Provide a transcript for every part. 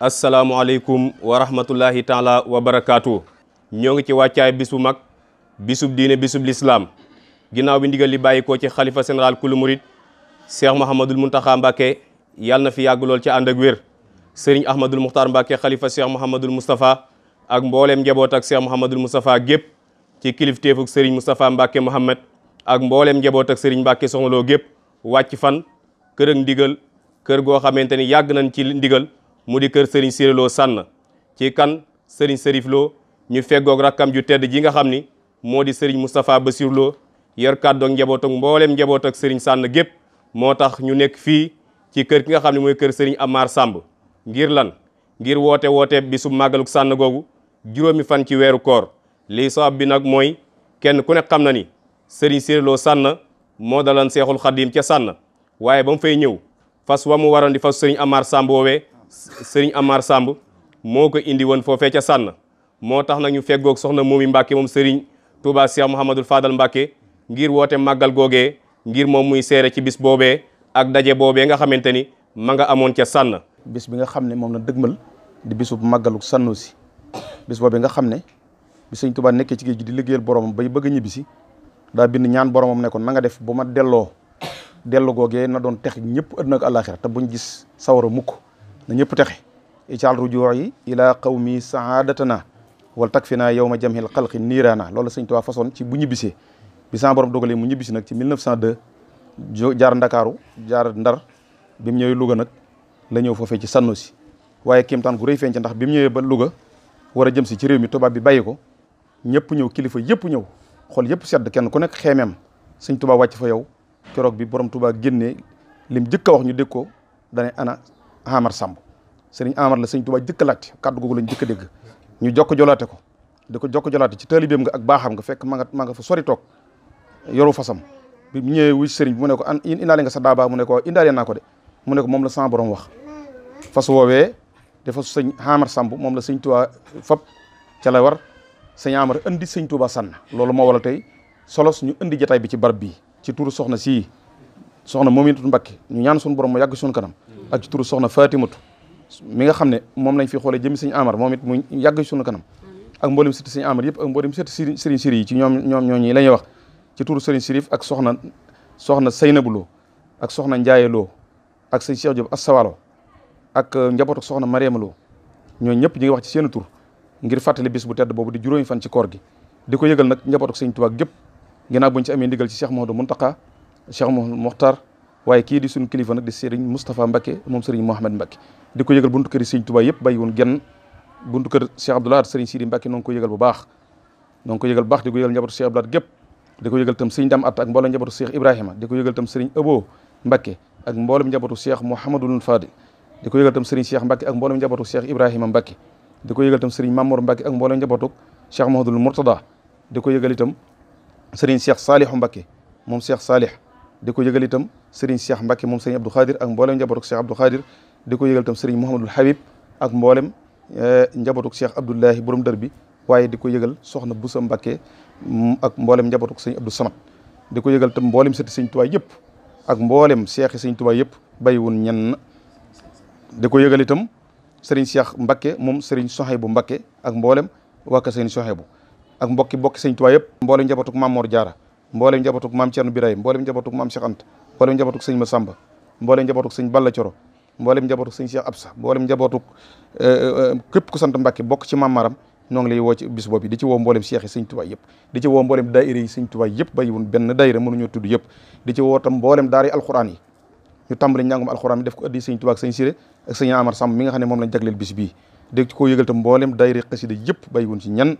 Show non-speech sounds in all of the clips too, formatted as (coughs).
asalaamualeykum wa rahmatullahi taala wa barakaatu. ñoo ngi ci wàccaay bis bu mag bisub diine bisub lislaam ginnaaw bi ndigal li bàyyi ko ci xalifa général kulu murit cheikh mahamadul muntaxa mbàkke yàlla na fi yàgg lool ci ànd ak wér sëriñ ahmadul muxtaar mbàkke xalifa cheikh mahamadul moustapha ak mbooleem njaboot ak cheikh mahamadul moustapha gépp ci kilifteefuk sëriñ moustapha mbàkke mohammed ak mbooleem njaboot ak sëriñ mbàkke soxna gépp wàcc fan kër ak kër goo xamante ni yàgg nañ ci ndigal mu di kër Serigne Ciré Lo ci kan Serigne Serif ñu feggoog rakkam ju tedd ji nga xam ni moo di sëriñ Moustapha Bassirou Lo yor kàddoog njaboot ak mbooleem njaboot ak Serigne Sànn gépp moo tax ñu nekk fii ci kër ki nga xam ne mooy kër Serigne Amar sàmb ngir lan ngir woote woote bisu màggaluk sànn googu juróomi fan ci weeru koor lii sabab bi nag mooy kenn ku ne xam na ni Serigne Ciré Lo Sànn moo dalan seexul xaddiim ca sànn waaye ba mu fay ñëw fas mu waroon di fas Serigne Amar Samb sëriñ amaar Samb moo ko indi woon foofee ca sànn moo tax nag ñu feggoog soxna moomi Mbàkke moom sëriñ Touba Cheikh Mouhamadul Fadal Mbàkke ngir woote màggal googee ngir moom muy seere ci bis boobee ak daje boobee nga xamante ni ma nga amoon ca sànn bis bi nga xam ne moom la dëgmal di bisu màggalu Sanusi bis boobee nga xam ne bi sëñ Touba nekkee ci géej gi di liggéeyal boromam ñu bëgg a ñibbisi daa bind ñaan boromam ne ko na nga def bu ma delloo dellu googee na doon tex ñëpp ëdduna ak àllaaxira te buñ gis sawara mukk na ñëpp texe icaal rujuu yi ila qawmi saadatana wal tak fi naa yow ma jam jamhil xalqi niiraana loolu sëñ Tuubaa façon ci bu ñibbisee bi sama borom dogalee mu ñibbisi nag ci 1902 jaar ndakaaru jaar ndar bi mu ñëwee Louga nag la ñëw foofee ci Sanosi waaye kéemtaan gu rëy feeñ ci ndax bi mu ñëwee ba Louga war a jëm si ci réew mi tubaab bi bàyyi ko ñëpp ñëw kilifa yëpp ñëw xool yëpp sedd kenn ku nekk xeemeem sëñ tubaa wàcc fa yow keroog bi borom Tuubaa génnee lim jëkk wax ñu dégg ko dane Amar Samb sëriñ Amar la sëriñ Tuubaa jëkk laajte kàddu googu lañ jëkk dégg ñu jokk jolaate ko di ko jokk jolaate ci taalibeem nga ak baaxam nga fekk ma nga ma fa sori toog yoru fasam bi mu ñëwee sëriñ mu ne ko an indaale nga sa daaba mu ne ko indaale naa ko de mu ne ko moom la sama borom wax fas woowee dafa sëñ Amar sambu moom la sëñ Tuubaa fab ca war sëñ Amar indi sëñ Tuubaa sànn loolu moo waral tey solos ñu indi jataay bi ci barab bi ci turu soxna si soxna moom it Mbakke ñu ñaan suñu borom mu yàgg suñu kanam aju turu soxna Fatimatu mi nga xam ne moom lañ fi xoolee jëmi sëñ Amar moom it mu yàgg ci sunu kanam ak mboolem sëti sëñ Amar yëpp ak mboolem sëti sëriñ Siri yi ci ñoom ñoom ñooñu la ñuy wax ci turu sëriñ Sirif ak soxna soxna Seynabu Lo ak soxna Njaaye Lo ak sëñ Cheikh Diop Assawalo ak njabootu soxna Mariama Lo ñooñu ñëpp ñu ngi wax ci seen tur ngir fàttali bis bu tedd boobu di juróomi fan ci koor gi di ko yëgal nag njabootu sëñ Tuubaa gépp ginnaaw buñ ci amee ndigal ci Cheikh Mouhamadou Mountakha Cheikh Mouhamadou Mokhtar waaye kii di suñu kilifa nag di sëriñ Moustapha Mbacke moom sëriñ Mouhamed Mbacke di ko yëgal buntu kër sëriñ Touba yëpp bay woon genn buntu kër Cheikh Abdoulaye sëriñ Sidi Mbacke noo ko yëgal bu baax noo ngi ko yëgal bu baax di ko yëgal njabootu Cheikh Abdoulaye gépp di ko yëgal tam sëriñ Dam Atta ak mboolem njabootu Cheikh Ibrahima di ko yëgal tam sëriñ Abo Mbacke ak mboolem njabootu Cheikh Mouhamadul Fadi di ko yëgal tam sëriñ Cheikh Mbacke ak mboolem njabootu Cheikh Ibrahima Mbacke di ko yëgal tam sëriñ Mamour Mbacke ak mboolem njabootu Cheikh Mouhamadul Mourtada di ko yëgal itam sëriñ Cheikh Salihu Mbacke moom Cheikh Salih di ko yëgal itam Serigne Cheikh Mbacke moom Serigne Abdou Khadir ak mboolem njabootuk Cheikh Abdou Khadir di ko yëgal itam Serigne Mouhamadul Habib ak mboolem eh, njabootuk Cheikh Abdoulahi borom dër bi waaye di ko yëgal soxna Boussa Mbacke mm, ak mboolem njabootuk Serigne Abdou Samad di ko yëgal itam mboolem sëti Serigne Touba yëpp ak mboolem Cheikh Serigne yëpp bàyyiwun ñenn di ko yëgal itam Serigne Cheikh Mbacke moom Serigne Sohaybu Mbacke ak mboolem waa kër Serigne bu ak mbokki mbokki Serigne Touba yëpp mboolem njabootuk Mamor jaara mboolem njabootug maam Cerno Birahim mboolem njabootug maam Cheikh Anta mboolem njabootug sëñ Masamba mboolem njabootug sëñ Balla Coro mboolem njabootug sëñ Cheikh Absa mboolem njabootug eh, eh, eh, képp ku sant Mbàkke bokk ci maam Maram noo ngi lay woo ci bis boobu di ci woo mboolem Cheikh yi sëñ Tuubaa yëpp di ci woo mboolem daayira yi sëñ Tuubaa yëpp bàyyiwun benn tudd yëpp di ci woo tam mboolem daara yi yi ñu tàmbali njàngum alxuraan mi def ko addi sëñ Tuubaa ak sëñ Siré ak sëñ Amar Samb mi nga xam ne moom lañ jagleel bis bii dégg ci koo yëgal tam mboolem daayira xasida yëpp bàyyiwun ci ñan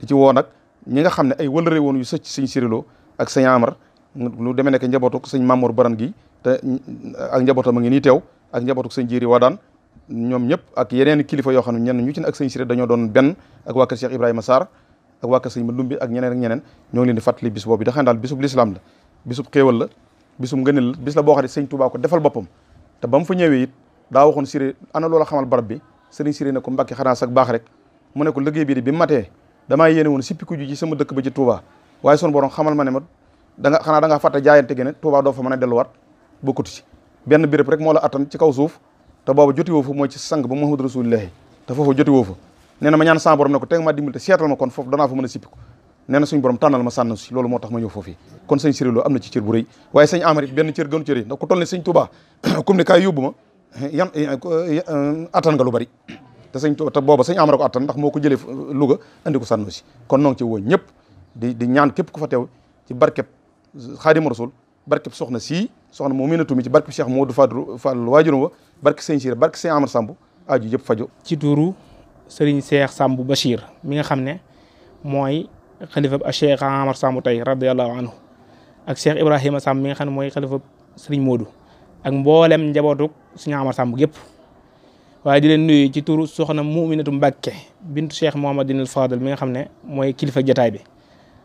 di woo nag ñi nga xam ne ay wëlëre woon yu sëcc sëñ Siré Lo ak sëñ Amar lu demee nekk njabootuk sëñ Mamour Baran gi te ak njabootam a ngi ni teew ak njabootuk sëñ Jiri Wadaan ñoom ñëpp ak yeneen kilifa yoo xam ne ñenn ñu ci ne ak sëñ Siré dañoo doon benn ak waa kër Cheikh Ibrahima Sarr ak waa kër sëñ Lumbi ak ñeneen ak ñeneen ñoo ngi leen di fàttali bis boobu daxan daal bisub lislaam la bisub xéewal la bisub ngëneel la bis la boo xam ne sëñ Touba ko defal boppam te ba mu fa ñëwee it daa waxoon Siré ana loola xamal barab bi sëriñ Siré ne ko Mbàkke xanaa sax baax rek mu ne ko liggéey bii matee damaa yéene woon sippiku ju ci sama dëkk ba ci Touba waaye sunu borom xamal ma ne ma da nga xanaa da ngaa fàtte jaayante gi ne Touba doo fa mën a delluwaat bokkut ci benn béréb rek moo la attan ci kaw suuf te boobu joti woo fa mooy ci sang ba Muhammadu Rasulullahi te foofu joti woo fa na ma ñaan sama borom ne ko teg ma dimbal te seetal ma kon foofu danaa fa mën a sippiku nee na suñ borom tànnal ma sànn si loolu moo tax ma ñëw foofu kon sëñ Sirilo am na ci cër bu rëy waaye sëñ Amari benn cër gënu cër sëñ Touba (coughs) eh, (coughs) te sëñ te booba sëñ Amari ko attan moo ko jëlee Louga andi ko sànn si kon noo woo ñëpp di di ñaan képp ku fa teew ci barkeb xaadimu rasul barkeb soxna si soxna moo minatumi ci barkeb Cheikh Modou Fadlu Fadlu waajuram wa barke sëñ Sire barke sëñ Amar Samb aaju yëpp fajo ci tuuru sëriñ Cheikh Samb Bachir mi nga xam ne mooy xalifab a Cheikh Amar tey radiallahu anhu ak Cheikh Ibrahima Samb mi nga xam ne mooy xalifab sëriñ Modou ak mboolem njabootuk sëñ Amar Samb yëpp waaye di leen nuyu ci tuuru soxna Muminatu Mbàkke bintu Cheikh Mouhamadinil Fadal mi nga xam ne mooy kilifa jataay bi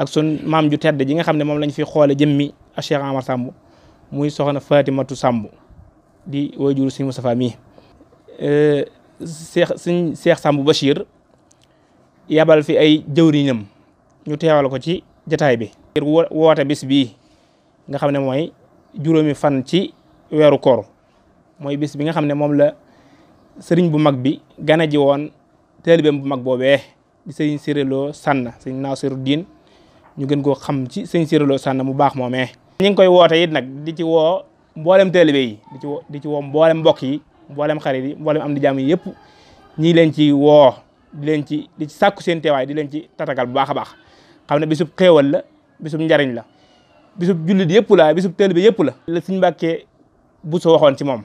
ak sun maam ju tedd ji nga xam ne moom lañ fi xoole jëmmi a Cheikh Amar Samb muy soxna matu Samb di waajur Sëñ Moustapha mii Cheikh Sëñ Cheikh Samb Bachir yabal fi ay jëwriñam ñu teewal ko ci jataay bi woote bis bii nga xam ne mooy juróomi fan ci weeru koor mooy bis bi nga xam ne moom la sëriñ bu mag bi gane ji woon taalibeem bu mag boobee di sëriñ Siréloo Sànn sëriñ Naasiru Diin ñu gën koo xam ci sëñ Cyril Lo Sànna mu baax moomee ñu ngi koy woote it nag di ci woo mboolem taalibe yi di ci woo di ci woo mboolem mbokk yi mboolem xarit yi mboolem am di jàmm yi yëpp ñii leen ci woo di leen ci di ci sàkku seen di leen ci tatagal bu baax a baax xam ne bisub xéewal la bisub njariñ la bisub jullit yëpp la bisub taalibe yëpp la la sëñ Mbàkke Buso waxoon ci moom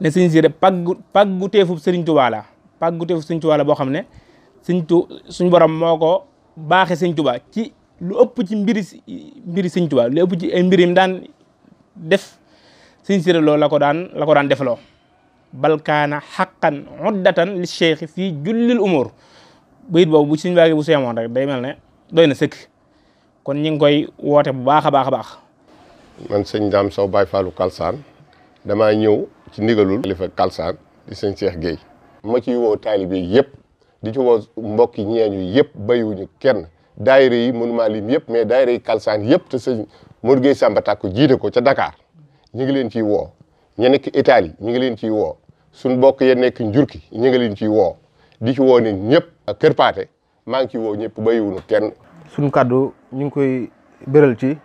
ne sëñ Cyril paggu paggu teefub sëriñ Tuubaa la paggu teefub sëriñ Tuubaa la boo xam ne sëñ tu suñ borom moo baaxe sëñ tubaa ci lu ëpp ci mbiri mbiri sëñ tubaa lu ëpp ci mbiri mbirim daan def sëñ Siré la ko daan la ko daan defloo bal kaana xaqan uddatan li cheikh fii jullil umur bayit boobu bu sëñ baagi bu seemoon rek day mel ne doy na sëkk kon ñu ngi koy woote bu baax a baax a baax man sëñ Daam Sow Baay Faalu Kalsaan dama ñëw ci ndigalul lifa Kalsaan di sëñ Cheikh Gueye ma ciy woo taalibe yëpp di ci woo mbokk yi ñeeñu yëpp béyuñu kenn daayira yi mënumaa lim yëpp mais daayira yi kalsaan yëpp te sëñ Modou Gueye Samba Takku jiite ko ca Dakar ñu ngi leen ciy woo ña nekk Italie ñu ngi leen ciy woo suñ mbokk ya nekk njurki ñu ngi leen ciy woo di ci woo ne ñëpp ak Kër Paate maa ngi ciy woo ñëpp béyuñu kenn. suñ kàddu ñu ngi koy béral ci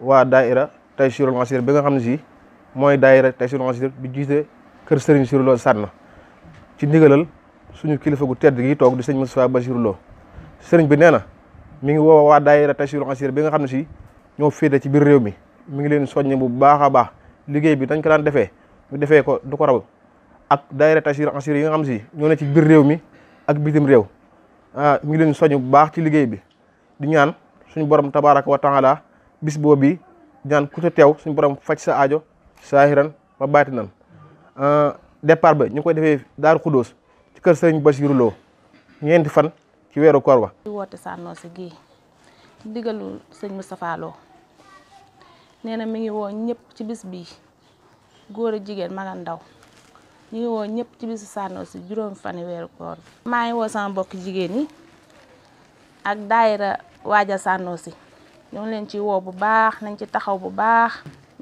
waa daayira Taysiroul Massir bi nga xam ne si mooy daayira Taysiroul Massir bi jiite kër Serigne Sirlo Sànn suñu kilifa gu tedd gi toog di sëñ Moustapha Bachir Lo sëriñ bi nee na mi ngi woo waa daayira Tachirul Asir bi nga xam ne si ñoo féete ci biir réew mi mi ngi leen ni bu baax a baax liggéey bi dañ ko daan defee ñu defee ko du ko raw ak daayira Tachirul Asir yi nga xam si ñoo ne ci biir réew ak bitim réew ah mi ngi leen soññ bu baax ci liggéey bi di ñaan suñu borom tabaraka wa taala bis boobu bi ñaan ku ca teew suñu borom faj sa aajo saahiran wa baatinan ah, départ bi ñu ko defee Daaru Xudóos kër sëriñ Bachir Lo ñeenti fan ci weeru koor wa di woote Sanocé gii ci digalu sëñ Moustapha Lo na mi ngi woo ñëpp ci bis bii góor jigéen mag ak ndaw ñu woo ñëpp ci bisu Sanocé juróom fani weeru koor maa ngi woo sama mbokk jigéen yi ak daayira waaja Sanocé ñoo ngi leen ci woo bu baax nañ ci taxaw bu baax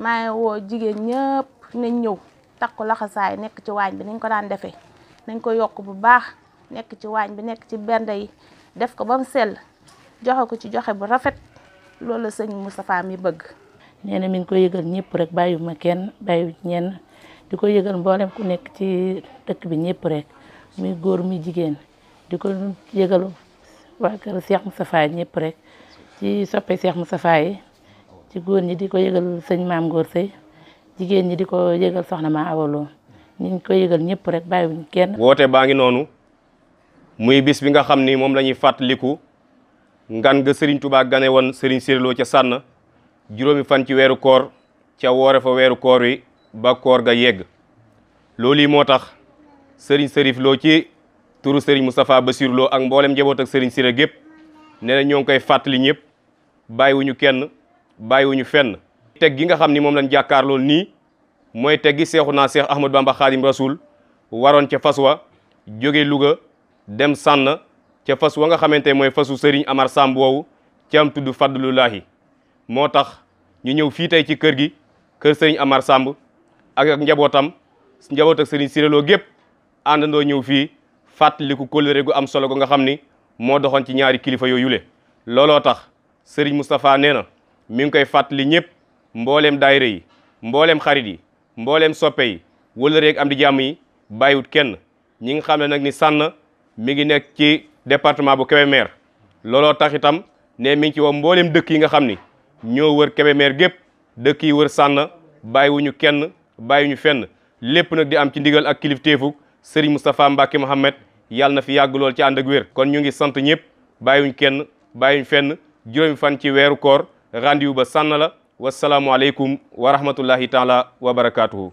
maa ngi woo jigéen ñëpp nañ ñëw takku laxasaay nekk ci waañ bi niñ ko daan defee nañ ko yokk bu baax nekk ci waañ bi nekk ci bernde yi def ko ba mu sell joxe ko ci joxe bu rafet loolu la sëñ Moustapha mi bëgg. nee na mi ngi koy yëgal ñëpp rek bàyyiwu ma kenn bàyyiwu ñenn di ko yëgal mboolem ku nekk ci dëkk bi ñëpp rek muy góor muy jigéen di ko yëgal waa kër Cheikh ñëpp rek ci soppe Cheikh Moustapha yi ci góor ñi di ko yëgal sëñ Maam Góor Sëy jigéen ñi di ko yëgal soxna ma awaloo ñu koy yëgal ñëpp rek bàyyiwuñu kenn. woote baa ngi noonu muy bis bi nga xam ni moom lañuy ñuy fàttaliku ngan nga sëriñ Touba gane woon Serigne Sidy ca sànn juróomi fan ci weeru koor ca woore fa weeru koor wi ba koor ga yegg loolu yi moo tax Serigne Serif ci turu Serigne Moustapha Bassir Lo ak mboolem njaboot ak sëriñ Sidy gépp nee na ñoo ngi koy fàttali ñëpp bàyyiwuñu kenn bàyyiwuñu fenn. teg gi nga xam ni moom lañ jàkkaarloo nii. mooy teggi seexu naa seex Ahmadu Bamba Xaadim Rasul waroon ca fas wa jóge Louga dem sànn ca fas wa nga xamante mooy fasu Serigne Amar Samb woowu ca am tudd Fadlulaahi moo tax ñu ñëw fii tey ci kër gi kër Serigne Amar sàmb ak njabootam njaboot ak Serigne Siréloo gépp àndandoo ñëw fii fàttaliku kóllëre gu am solo gu nga xam ni moo doxoon ci ñaari kilifa yooyu le looloo tax Serigne Moustapha nee na mi ngi koy fàttali ñëpp mbooleem daayira yi mbooleem xarit yi mbooleem soppe yi wala rek am di jàmm yi bàyyiwut kenn ñi nga xam ne nag ni sànn mi ngi nekk ci département bu Kébémer looloo taxitam itam ne mi ngi ci woo mbooleem dëkk yi nga xam ni ñoo wër Kébémer gépp dëkk yi wër sànn bàyyiwuñu kenn bàyyiwuñu fenn lépp nag di am ci ndigal ak kilifteefu Serigne Moustapha Mbacke Mohamed yàlla na fi yàgg lool ci ànd ak wér. kon ñu ngi sant ñëpp bàyyiwuñ kenn bàyyiwuñ fenn juróomi fan ci weeru koor rendez ba sànn la. wasalaamualeykum wa rahmatullahi taala wa barakaatuhu